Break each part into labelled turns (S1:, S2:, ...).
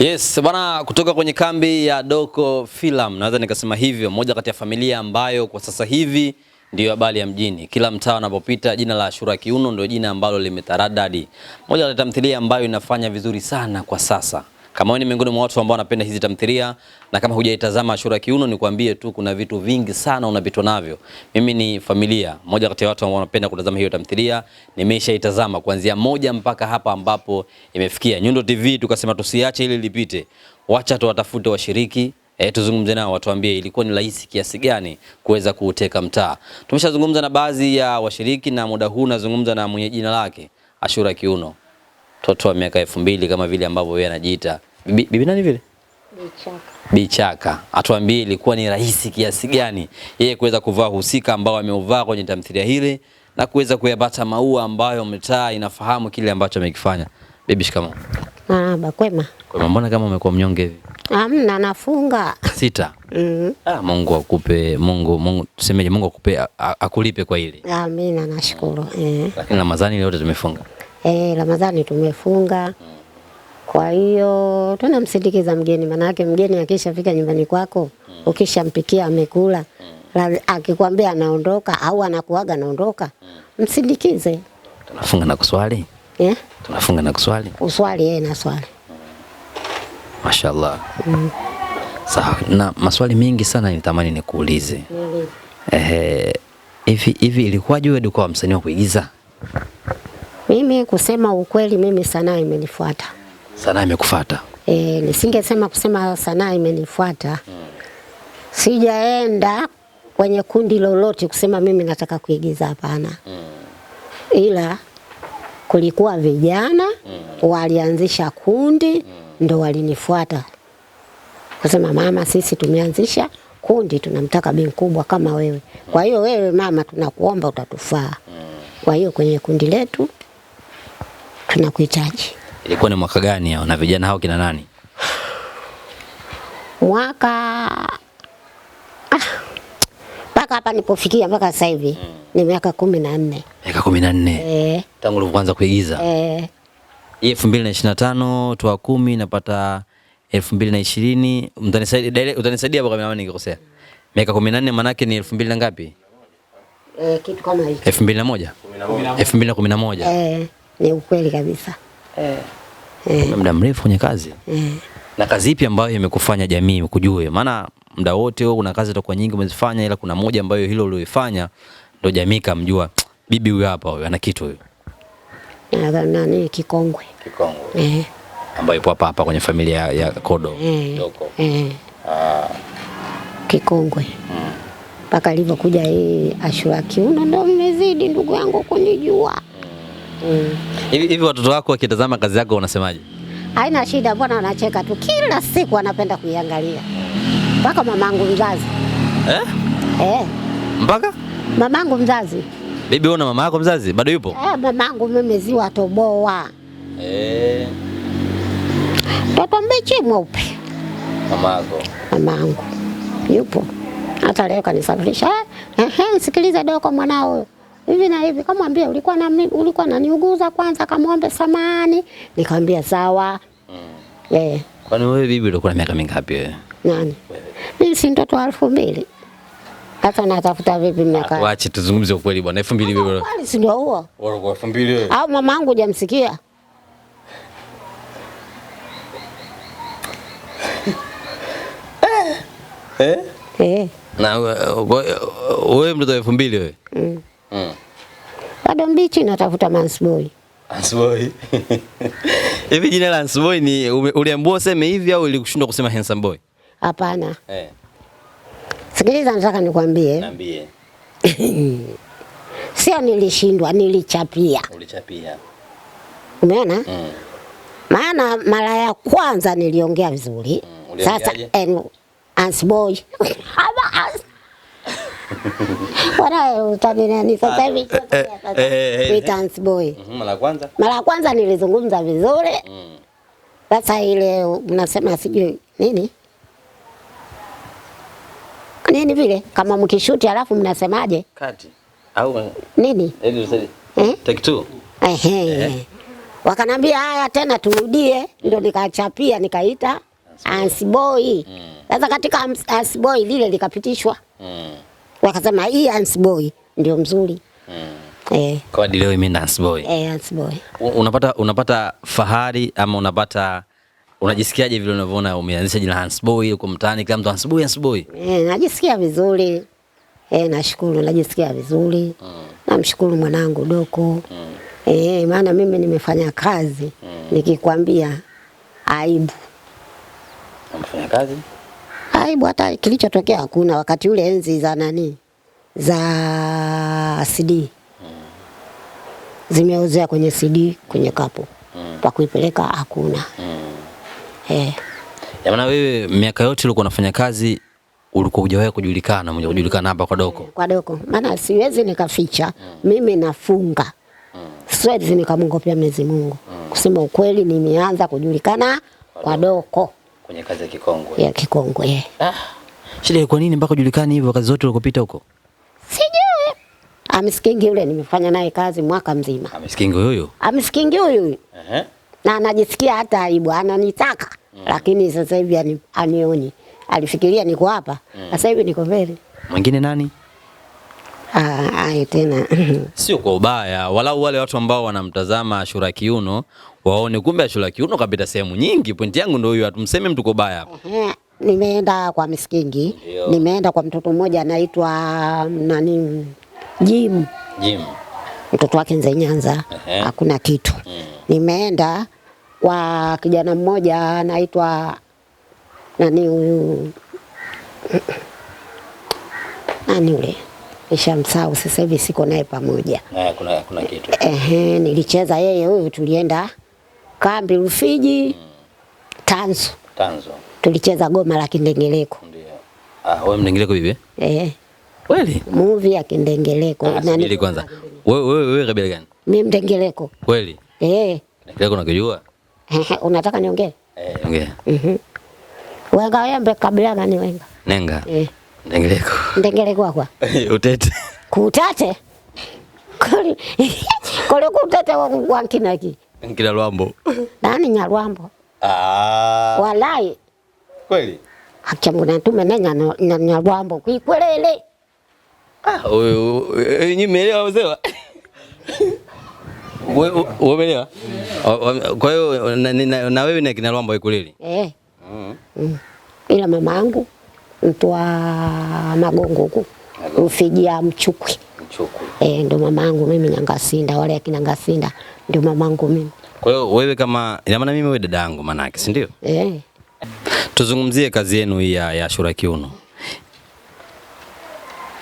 S1: Yes, bwana kutoka kwenye kambi ya Doko film naweza nikasema hivyo, moja kati ya familia ambayo kwa sasa hivi ndiyo habari ya mjini. Kila mtaa unapopita jina la Ashura Kiuno ndio jina ambalo limetaradadi. Moja ya tamthilia ambayo inafanya vizuri sana kwa sasa. Kama wewe ni miongoni mwa watu ambao wanapenda hizi tamthilia na kama hujaitazama Ashura Kiuno, nikwambie tu kuna vitu vingi sana unapitwa navyo. Mimi ni familia moja kati ya watu ambao wanapenda kutazama hiyo tamthilia, nimeshaitazama kuanzia moja mpaka hapa ambapo imefikia. Nyundo TV tukasema tusiache ili lipite, wacha tuwatafute washiriki E, tuzungumze nao watuambie ilikuwa ni rahisi kiasi gani kuweza kuuteka mtaa. Tumeshazungumza na baadhi ya washiriki na muda huu nazungumza na mwenye jina lake Ashura Kiuno mtoto wa miaka elfu mbili kama vile ambavyo yeye anajiita. Bibi, nani vile? Bichaka. Bichaka atuambie ilikuwa ni rahisi kiasi gani yeye kuweza kuvaa husika ambao ameuvaa kwenye tamthilia hili na kuweza kuyapata maua ambayo mtaa inafahamu kile ambacho amekifanya. Bibi, shikamoo.
S2: Ah, bakwema.
S1: Kwema, mbona kama umekuwa mnyonge hivi?
S2: Hamna, nafunga sita. Mm.
S1: Ah, Mungu akupe, Mungu Mungu tusemeje, Mungu akupe akulipe kwa hili.
S2: Amina, nashukuru. Eh.
S1: Lakini Ramadhani leo tumefunga.
S2: Eh, Ramadhani tumefunga. Kwa hiyo tunamsindikiza mgeni, yake mgeni akishafika nyumbani kwako ukishampikia amekula, akikwambia anaondoka au anakuaga anaondoka, msindikize.
S1: Tunafunga na kuswali yeah? Tunafunga na kuswali,
S2: uswali yeye na swali. Mashaallah. Mm.
S1: Sawa, na maswali mengi sana nitamani nikuulize. Ehe, hivi hivi ilikuwaje wewe ulikuwa msanii wa kuigiza?
S2: Mimi kusema ukweli, mimi sanaa imenifuata.
S1: Sanaa imekufuata?
S2: E, nisingesema kusema sanaa imenifuata, sijaenda kwenye kundi lolote kusema mimi nataka kuigiza, hapana. Mm. Ila kulikuwa vijana mm. walianzisha kundi, mm. ndo walinifuata kusema, mama, sisi tumeanzisha kundi tunamtaka Bi Mkubwa kama wewe. Kwa hiyo wewe mama, tunakuomba utatufaa. Kwa hiyo kwenye kundi letu tunakuhitaji.
S1: Ilikuwa ni mwaka gani hao na vijana hao kina nani?
S2: Mwaka ah, mpaka ah, hapa nipofikia mpaka sasa hivi mm. ni miaka kumi na nne.
S1: Miaka kumi na nne eh. Tangu ulipoanza kuigiza eh. elfu mbili na ishirini na tano toa kumi napata elfu mbili na ishirini Utanisaidia, hapo kama nikikosea. Miaka kumi na nne manake ni elfu mbili na ngapi?
S2: Eh, kitu kama hicho.
S1: elfu mbili na moja elfu mbili na kumi na moja
S2: eh ni ukweli kabisa
S1: eh. Eh. muda mrefu kwenye kazi eh. na kazi ipi ambayo imekufanya jamii kujue? Maana muda wote wewe una kazi takuwa nyingi umezifanya, ila kuna moja ambayo hilo ulioifanya ndio jamii kamjua, bibi huyu hapa, huyu ana kitu huyu.
S2: Nani? Kikongwe, Kikongwe eh.
S1: ambayo ipo hapa hapa kwenye familia ya Kodo eh. eh.
S2: Ah. Kikongwe hmm. mpaka hmm. alivyokuja hii Ashura Kiuno, ndio mmezidi ndugu yangu kunijua
S1: Mm. hivi mm. Watoto wako wakitazama kazi yako unasemaje?
S2: Haina shida, mbona wanacheka tu, kila siku wanapenda kuiangalia mpaka mamangu mzazi eh? Eh. Mpaka mamangu mzazi.
S1: Bibi, una mama yako mzazi bado yupo?
S2: Eh, mamangu mimi ziwa toboa
S1: eh.
S2: Toto mbichi mweupe mamako Mamangu yupo hata leo kanisafirisha. Ehe, eh, sikiliza doko mwanao hivi na hivi, kamwambia ulikuwa na mimi, ulikuwa naniuguza kwanza, kamwombe samani, nikamwambia sawa. mm. eh.
S1: Kwani wewe bibi ulikuwa na miaka mingapi wewe?
S2: Nani? Mimi si mtoto wa elfu mbili. Hata natafuta vipi miaka?
S1: Waache tuzungumze ukweli bwana. 2000 mbili
S2: bibi. Kwani si ndio huo?
S1: Wewe elfu mbili wewe.
S2: Au mama yangu hujamsikia? Eh? Eh.
S1: Na wewe mtoto wa elfu wewe? Mm mm.
S2: bado mbichi, natafuta mansboy
S1: Ansboy. Hivi jina la Ansboy ni uliambua useme hivi au ilikushindwa kusema handsome boy? Hapana. Eh.
S2: Sikiliza nataka nikwambie.
S1: Niambie.
S2: Sio nilishindwa, nilichapia.
S1: Ulichapia. Umeona? Mm.
S2: Maana mara ya kwanza niliongea vizuri. Mm, sasa Ansboy. Mara kwanza mara kwanza nilizungumza vizuri mm. sasa Ile mnasema sijui nini nini vile kama mkishuti alafu mnasemaje kati au eh, nini eh, eh? Take two. Eh. Wakanambia haya tena turudie, ndio nikachapia nikaita Ansboy mm. sasa mm. Katika Ansboy lile likapitishwa mm wakasema hii Hans Boy ndio mzuri mm. eh.
S1: Kwa leo imeenda Hans Boy.
S2: Eh, Hans Boy.
S1: Unapata, unapata fahari ama unapata unajisikiaje vile unavyoona umeanzisha jina Hans Boy huko mtaani, kila mtu Hans Boy, Hans Boy?
S2: Eh, najisikia vizuri eh, nashukuru, najisikia vizuri mm. namshukuru mwanangu Doko mm. eh, maana mimi nimefanya kazi mm. nikikwambia aibu.
S1: Umefanya kazi?
S2: aibu hata kilichotokea hakuna. Wakati ule enzi za nani za CD zimeozea kwenye CD kwenye kapu hmm. pa kuipeleka hakuna. Hmm. Eh,
S1: maana wewe miaka yote ulikuwa unafanya kazi ulikuwa hujawahi kujulikana, mmoja kujulikana hapa kwa Doko, eh,
S2: kwa Doko, maana siwezi nikaficha hmm. mimi nafunga, siwezi nikamwongopea Mwenyezi Mungu. Kusema ukweli, nimeanza kujulikana kwa Doko
S1: kwenye kazi ya kikongwe
S2: ya kikongwe.
S1: Ah, shida kwa nini mpaka ujulikane hivyo kazi zote ulikopita huko?
S2: Sijui. Amisikingi yule nimefanya naye kazi mwaka mzima.
S1: Amisikingi huyo,
S2: Amisikingi huyo. Uh -huh. Na anajisikia hata aibu, ananitaka mm. Lakini sasa hivi anioni, alifikiria niko hapa mm. Sasa hivi niko mbele.
S1: Mwingine nani?
S2: Ah, tena
S1: sio kwa ubaya, walau wale watu ambao wanamtazama Ashura Kiuno waone kumbe Ashura Kiuno kapita sehemu nyingi. Pointi yangu ndio hiyo, atumseme mtu kobaya
S2: Nimeenda kwa miskingi, nimeenda kwa mtoto mmoja anaitwa nani, Jim Jim, mtoto wake Nze Nyanza, hakuna kitu. Mm. Nimeenda kwa kijana mmoja anaitwa nani huyu nani ule nishamsahau sasa hivi, siko naye pamoja.
S1: Eh, kuna, kitu.
S2: Ehe, nilicheza yeye huyu, tulienda Kambi Rufiji, Tanzo. Mm. Tanzo. Tulicheza goma la Kindengeleko. Ndio.
S1: Ah, wewe mndengeleko bibi? Eh. Kweli?
S2: Movie ya Kindengeleko.
S1: Ah, ili kwanza. Wewe wewe wewe kabila gani?
S2: Mimi Mndengeleko. Kweli? Eh.
S1: Kindengeleko unakijua?
S2: Unataka niongee?
S1: Eh, ongea.
S2: Mhm. Wenga wembe kabila gani wenga? Nenga. Eh. Ndengeleko. Ndengeleko kwa. Utete. Kutete. Kole kutete wangu wangu kinaki.
S1: Nkina Lwambo.
S2: Nani nya
S1: Ah. Walai. Kweli?
S2: Hakia mbuna tume nenya na nya Lwambo kwelele.
S1: Ah, wewe nyinyi mmeelewa wazee? Wewe umeelewa? Kwa hiyo na wewe na kina Lwambo ikulili?
S2: Eh. Mm. mm. Ila mama yangu mtu wa Magongo huku. Mfiji ya Mchukwi eh, ndio mamangu mimi Nyangasinda, wale akina Ngasinda ndio mamangu mimi.
S1: Kwa hiyo wewe kama ina maana mimi wewe dada yangu yake, si ndio? Eh. Tuzungumzie kazi yenu hii ya, ya Ashura Kiuno.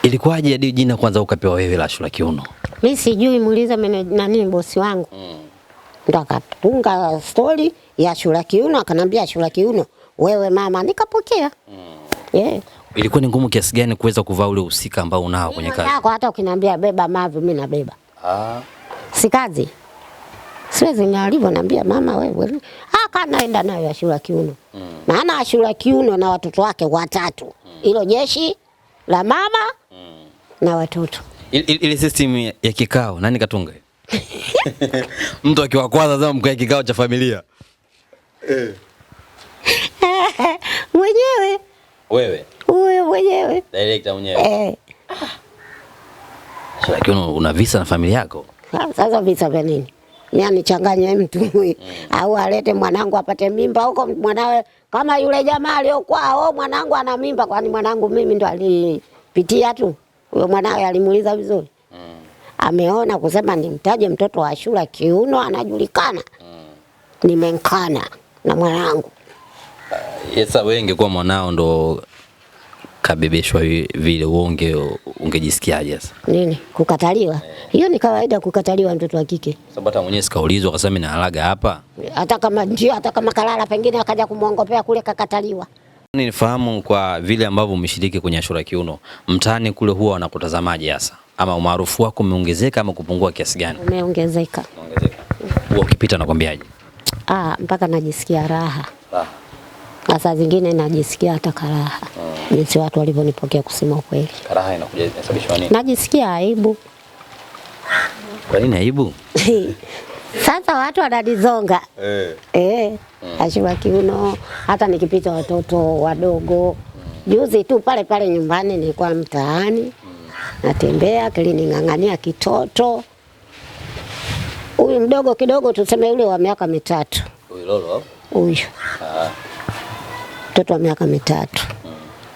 S1: Ilikuwaje hadi jina kwanza ukapewa wewe la Ashura Kiuno?
S2: Mimi sijui, muulize nani bosi wangu. Mm. Ndo akatunga stori ya Ashura Kiuno, akanambia Ashura Kiuno, wewe mama, nikapokea. Mm. Yeah.
S1: Ilikuwa ni ngumu kiasi gani kuweza kuvaa ule usika ambao unao kwenye kazi
S2: yako? Hata ukiniambia beba mavi, mimi nabeba. Ah, Si kazi. siwezi ngalivyo, naambia mama wewe, Ah, kana naenda nayo ya Ashura Kiuno mm. maana Ashura Kiuno na watoto wake watatu mm. hilo mm. jeshi la mama mm. na watoto
S1: ile il, il system ya kikao nani katunga? mtu akiwa kwanza zama mkae kikao cha familia
S2: eh. mwenyewe wewe mwenyewe
S1: director mwenyewe
S2: eh. Ah.
S1: So, lakini una visa na familia yako
S2: ah, sasa. Visa vya nini? Mimi anichanganye mtu mm. au alete mwanangu apate mimba huko, mwanawe kama yule jamaa aliyokuwa, mwanangu ana mimba. Kwani mwanangu mimi ndo alipitia tu huyo, mwanawe alimuuliza vizuri mm. ameona kusema nimtaje mtoto wa shule Kiuno, anajulikana mm. nimenkana na mwanangu.
S1: yesa wengi kwa mwanao ndo ukabebeshwa vile, uonge ungejisikiaje sasa?
S2: Nini kukataliwa? Hiyo ni kawaida kukataliwa mtoto wa kike.
S1: Sababu hata mwenyewe sikaulizwa kwa sababu mimi hapa.
S2: Hata kama ndio hata kama kalala pengine akaja kumwongopea kule kakataliwa.
S1: Nifahamu kwa vile ambavyo umeshiriki kwenye Ashura Kiuno, mtaani kule huwa wanakutazamaje hasa? Ama umaarufu wako umeongezeka ama kupungua kiasi gani?
S2: Umeongezeka. Umeongezeka.
S1: Huwa ukipita nakwambiaje?
S2: Ah, mpaka najisikia raha. Raha na saa zingine najisikia hata karaha mm. jinsi watu walivyonipokea, kusema kweli.
S1: Karaha inakuja inasababishwa nini?
S2: Najisikia aibu.
S1: Kwa nini aibu?
S2: Sasa watu wananizonga eh, eh mm. Ashima kiuno, hata nikipita watoto wadogo mm. Juzi tu pale pale nyumbani nilikuwa mtaani mm. natembea, kilining'ang'ania kitoto huyu mdogo kidogo, tuseme yule wa miaka mitatu, huyu lolo, huyu ah mtoto wa miaka mitatu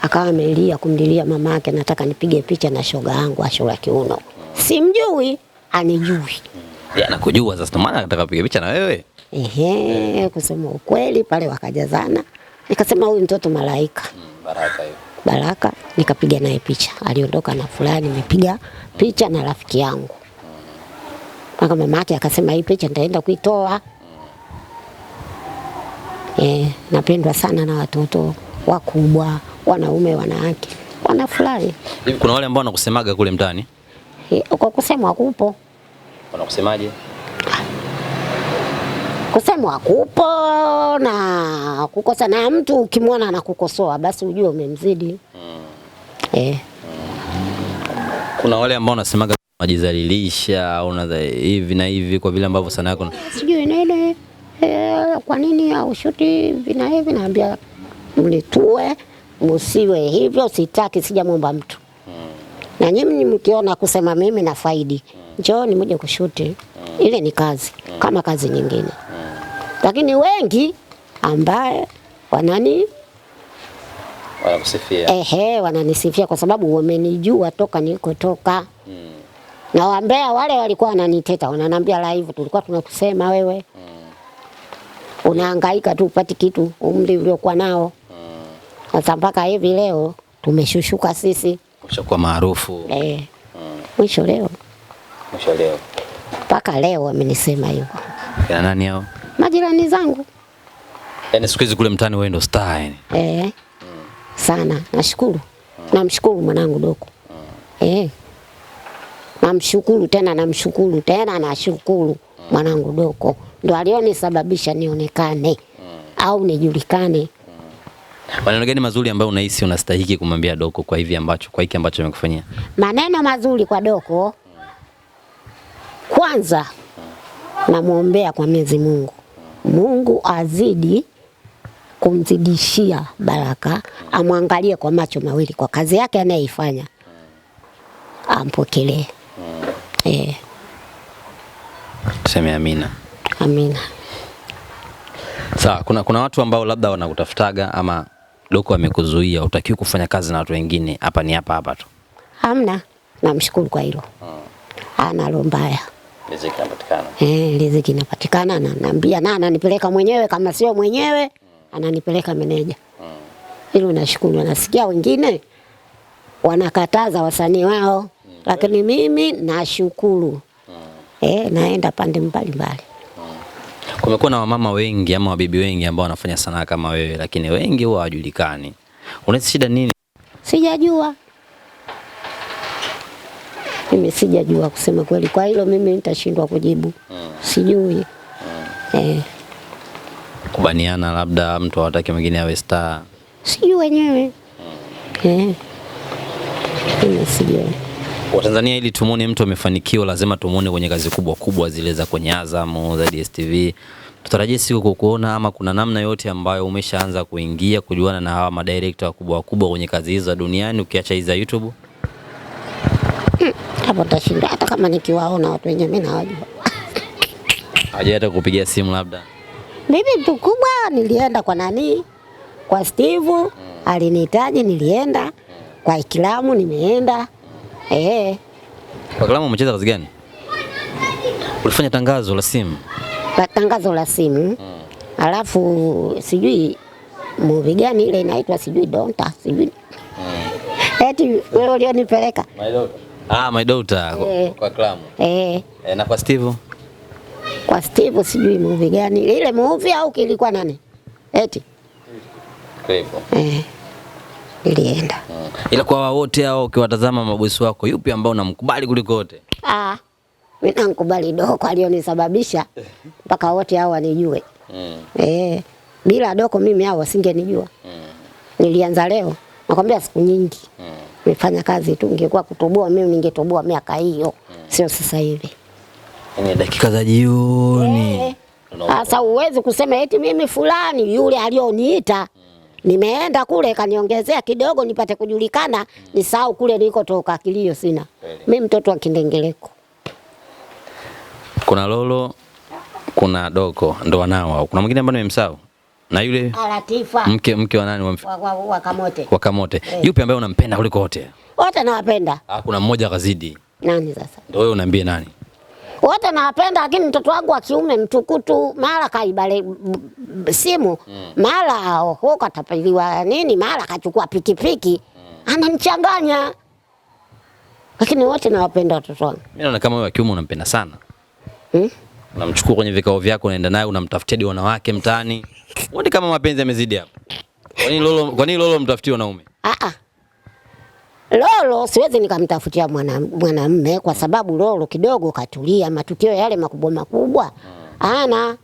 S2: akawa amelia kumlilia mama yake, nataka nipige picha na shoga yangu Ashura Kiuno. Simjui, anijui
S1: anakujua sasa, maana nataka kupiga picha na wewe.
S2: Ehe, kusema ukweli pale wakajazana, nikasema huyu mtoto malaika mm, baraka hiyo Baraka, nikapiga naye picha. Aliondoka na furaha, nimepiga picha na rafiki yangu. Mm. Mpaka mama yake akasema hii picha nitaenda kuitoa Eh, napendwa sana na watoto wakubwa, wanaume, wanawake, wanafurahi.
S1: Kuna wale ambao wanakusemaga kule mtaani
S2: eh, kwa kusemwa kupo, wanakusemaje? Kusemwa kupo na kukosa, na mtu ukimwona anakukosoa basi ujue umemzidi. mm. eh. Hmm.
S1: Kuna wale ambao wanasemaga unajizalilisha, una hivi na hivi kwa vile ambavyo sana yako
S2: sijui nini Eh, kwa nini haushuti vina hivi? Naambia mnitue, msiwe hivyo, sitaki, sijamwomba mtu na nyinyi mkiona kusema mimi na faidi, ni mje kushuti. Ile ni kazi kama kazi nyingine, lakini wengi ambaye wanani
S1: wanakusifia,
S2: ehe, wananisifia kwa sababu wamenijua toka nilikotoka, hmm. na wambea wale walikuwa wananiteta, wananiambia live, tulikuwa tunakusema wewe unahangaika tu upati kitu umri uliokuwa nao. Sasa mpaka hivi leo tumeshushuka sisi,
S1: ushakuwa maarufu
S2: eh. Mwisho leo mwisho leo mpaka leo amenisema hivyo. Kina nani hao? Majirani zangu.
S1: Yaani siku hizi kule mtaani wewe ndo star yani.
S2: Eh. Mm. Sana. Nashukuru. Mm. Namshukuru mwanangu Doko. Mm. Eh. Namshukuru tena namshukuru tena nashukuru mwanangu Doko ndo alionisababisha nionekane mm. au nijulikane.
S1: Hmm. Maneno gani mazuri ambayo unahisi unastahili kumwambia Doko kwa hivi ambacho kwa hiki ambacho amekufanyia?
S2: Maneno mazuri kwa Doko, kwanza namwombea kwa Mwenyezi Mungu, Mungu azidi kumzidishia baraka, hmm. amwangalie kwa macho mawili kwa kazi yake anayeifanya, hmm. ampokelee. Eh,
S1: tuseme amina. Amina. Sawa, kuna, kuna watu ambao labda wanakutafutaga ama Doko amekuzuia utakiwa kufanya kazi na watu wengine, hapa ni hapa hapa tu.
S2: Hamna, namshukuru kwa hilo hmm. Ana roho mbaya,
S1: riziki inapatikana
S2: eh, riziki inapatikana na na ananipeleka mwenyewe, kama sio mwenyewe hmm. ananipeleka meneja hmm. Hilo nashukuru. Nasikia wengine wanakataza wasanii wao hmm. Lakini mimi nashukuru hmm. Eh, naenda pande mbalimbali
S1: kumekuwa na wamama wengi ama wabibi wengi ambao wanafanya sanaa kama wewe, lakini wengi huwa hawajulikani. Unahisi shida nini?
S2: Sijajua mimi, sijajua kusema kweli. Kwa hilo mimi nitashindwa kujibu hmm. Sijui hmm. Eh.
S1: Kubaniana labda mtu hawataki mwingine awe star,
S2: sijui wenyewe hmm. Eh. Mimi sijui
S1: Watanzania ili tumuone mtu amefanikiwa, lazima tumuone kwenye kazi kubwa kubwa zile za kwenye Azam, za DSTV. Tutarajie siku kukuona ama kuna namna yote ambayo umeshaanza kuingia kujuana na hawa madirekta wakubwa wakubwa kwenye kazi hizo za duniani ukiacha hizo za YouTube?
S2: Hmm, hapo tashinda hata kama nikiwaona watu wenyewe mimi nawajua.
S1: Aje hata kupigia simu labda.
S2: Mimi mtu kubwa nilienda kwa nani? Kwa Steve hmm. alinihitaji nilienda. Kwa Ikilamu nimeenda. Eh.
S1: Kwa Kalama umecheza kazi gani? Ulifanya tangazo la simu.
S2: Tangazo la simu. Hmm. Alafu sijui movie gani ile inaitwa sijui Donta, sijui. Hmm. Eti wewe ulionipeleka. My daughter.
S1: Ah, my daughter eh. Kwa Kalama. Eh. Eh, na kwa Steve.
S2: Kwa Steve sijui movie gani. Ile movie au kilikuwa nani? Eti. Kwa hivyo. Eh nilienda.
S1: Ah. Ila kwa wote hao ukiwatazama mabosi wako, yupi ambao unamkubali kuliko wote?
S2: Ah, mimi namkubali Doko alionisababisha mpaka wote hao wanijue. Mm. Eh, bila Doko mimi hao wasingenijua. Mm. Nilianza leo, nakwambia siku nyingi. Mm. Nifanya kazi tu, ningekuwa kutoboa mimi ningetoboa miaka hiyo. Mm. Sio sasa hivi.
S1: Ni yaani dakika za jioni. Eh,
S2: sasa eh, uwezi kusema eti mimi fulani yule alioniita. Mm. Nimeenda kule kaniongezea kidogo nipate kujulikana, mm. nisahau kule nilikotoka, kilio sina. Mimi mtoto wa Kindengeleko.
S1: Kuna Lolo, kuna Doko ndo wanao hao. Kuna mwingine ambaye nimemsahau. Na yule
S2: Alatifa, ah,
S1: Mke mke wa nani wamf...
S2: wa, wa, wa Kamote.
S1: Wa Kamote. Eh. Yupi ambaye unampenda kuliko wote?
S2: Wote nawapenda.
S1: Ah, kuna mmoja kazidi.
S2: Nani sasa?
S1: Ndio wewe unaambie nani?
S2: wote nawapenda, lakini mtoto wangu wa kiume mtukutu mara kaibale simu mm. mara oho katapiliwa nini mara kachukua pikipiki mm. ananichanganya, lakini wote nawapenda watoto wangu.
S1: Mimi naona kama wewe wa kiume unampenda sana hmm? Unamchukua kwenye vikao vyako, unaenda naye, unamtafutia wanawake mtaani. Uone kama mapenzi yamezidi hapo. Kwa nini lolo, kwa nini lolo mtafutie wanaume?
S2: Ah ah. Lolo siwezi nikamtafutia mwanamume mwana kwa sababu Lolo kidogo katulia, matukio yale makubwa makubwa mm. ana,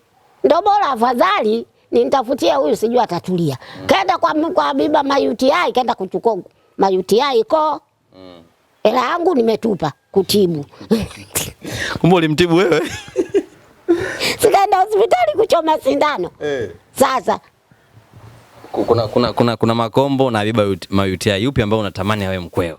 S2: ndo bora afadhali nintafutie huyu, sijui atatulia. Mm. Kaenda kwa, kwa biba mayuti hai, kaenda kuchukua mayuti hai ko mm. hela yangu nimetupa kutibu.
S1: Kumbe ulimtibu wewe?
S2: Sikaenda hospitali kuchoma sindano eh. Sasa
S1: kuna, kuna, kuna, kuna makombo na Habiba Mayutia, yupi ambao unatamani awe mkweo?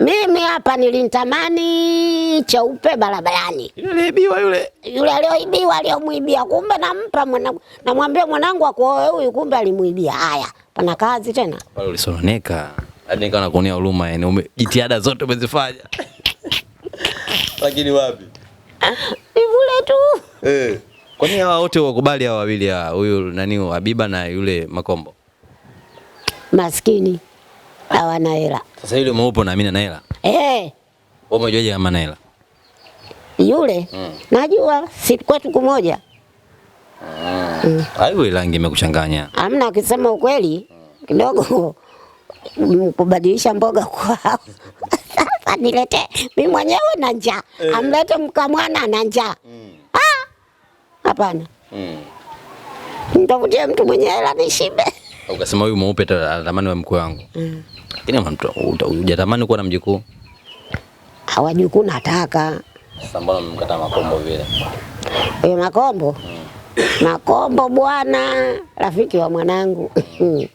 S2: Mimi hapa nilimtamani cheupe barabarani,
S1: ibiwa yule
S2: yule, alioibiwa aliomwibia, kumbe nampa mwanangu, namwambia mwanangu akuoe huyu, kumbe alimuibia. Haya, pana kazi tena
S1: pale. Ulisononeka hadi nikawa nakuonea huruma, yani jitihada zote umezifanya lakini wapi?
S2: Ni vule tu
S1: eh. Kwa nini hawa wote wakubali hawa wawili ah, huyu nani Habiba na yule Makombo?
S2: Maskini hawana hela.
S1: Sasa yule mweupe na mimi na hela. Eh. Wewe umejuaje kama na hela?
S2: Yule hmm. Najua si kwetu kumoja.
S1: Ah. Hmm. Hayo hmm. rangi imekuchanganya.
S2: Hamna ukisema ukweli kidogo kubadilisha mboga kwao. Sasa nilete mimi mwenyewe na njaa. Hey. Eh. Amlete mkamwana na njaa. Hmm. Hapana. Mm. Nitakutia mtu mwenye hela nishibe.
S1: Ukasema huyu mweupe atamani wa mkuu wangu. Mm. Lakini hujatamani kuwa na mjukuu?
S2: Hawajukuu nataka.
S1: Sasa mbona mmkataa Makombo vile?
S2: Eh, Makombo? Mm. Makombo bwana, rafiki wa mwanangu. Hmm.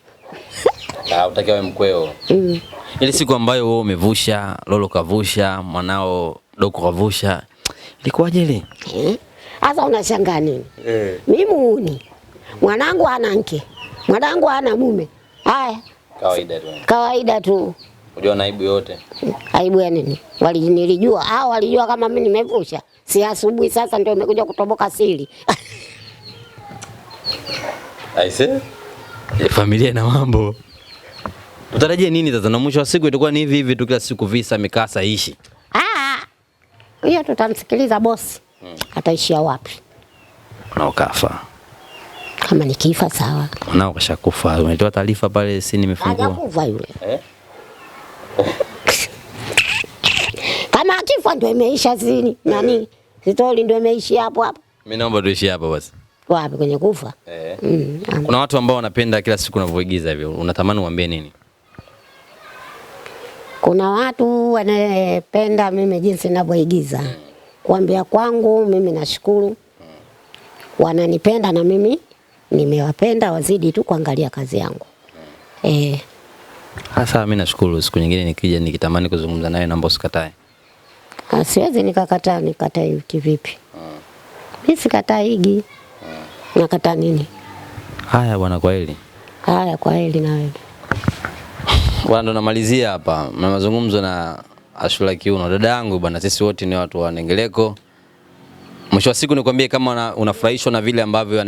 S1: Ah, Hutaki awe mkweo. Mm. Ile siku ambayo wewe umevusha, Lolo kavusha, mwanao Doko kavusha. Ilikuwaje ile?
S2: Mm. Sasa unashangaa nini? Eh. Mimi muuni. Mwanangu ana mke. Mwanangu ana mume. Haya. Kawaida tu. Kawaida tu.
S1: Unajua na aibu yote.
S2: Aibu ya nini? Walinilijua. Hao walijua kama mimi nimevusha. Si asubuhi sasa ndio nimekuja kutoboka siri.
S1: Aise. Eh, familia na mambo. Utarajie nini sasa? Na mwisho wa siku itakuwa ni hivi hivi tu, kila siku visa mikasa ishi.
S2: Ah. Hiyo tutamsikiliza bosi hmm. ataishia wapi?
S1: na ukafa.
S2: Kama nikifa sawa,
S1: na ukashakufa. Umetoa taarifa pale, si nimefungua,
S2: hajakufa yule eh? kama akifa ndio imeisha sini nani eh. sitori ndio imeishia hapo hapo.
S1: Mimi naomba tuishi hapo basi.
S2: Wapi kwenye kufa? Eh. Mm,
S1: kuna watu ambao wanapenda kila siku unavyoigiza hivyo. Unatamani uambie nini?
S2: Kuna watu wanapenda mimi jinsi ninavyoigiza. Mm kuambia kwangu mimi nashukuru, wananipenda na mimi nimewapenda, wazidi tu kuangalia kazi yangu eh.
S1: Hasa mimi nashukuru, siku nyingine nikija nikitamani kuzungumza naye naomba usikatae.
S2: Ah, siwezi nikakataa, nikatae vipi? Mimi sikataa higi. Nakataa nini?
S1: Haya bwana, kwa heli
S2: Haya, kwa heli na wewe.
S1: Bwana ndo namalizia hapa na mazungumzo na Ashura Kiuno, dada yangu bwana, sisi wote ni watu wa Nengeleko. Mwisho wa siku nikwambie, kama unafurahishwa na vile ambavyo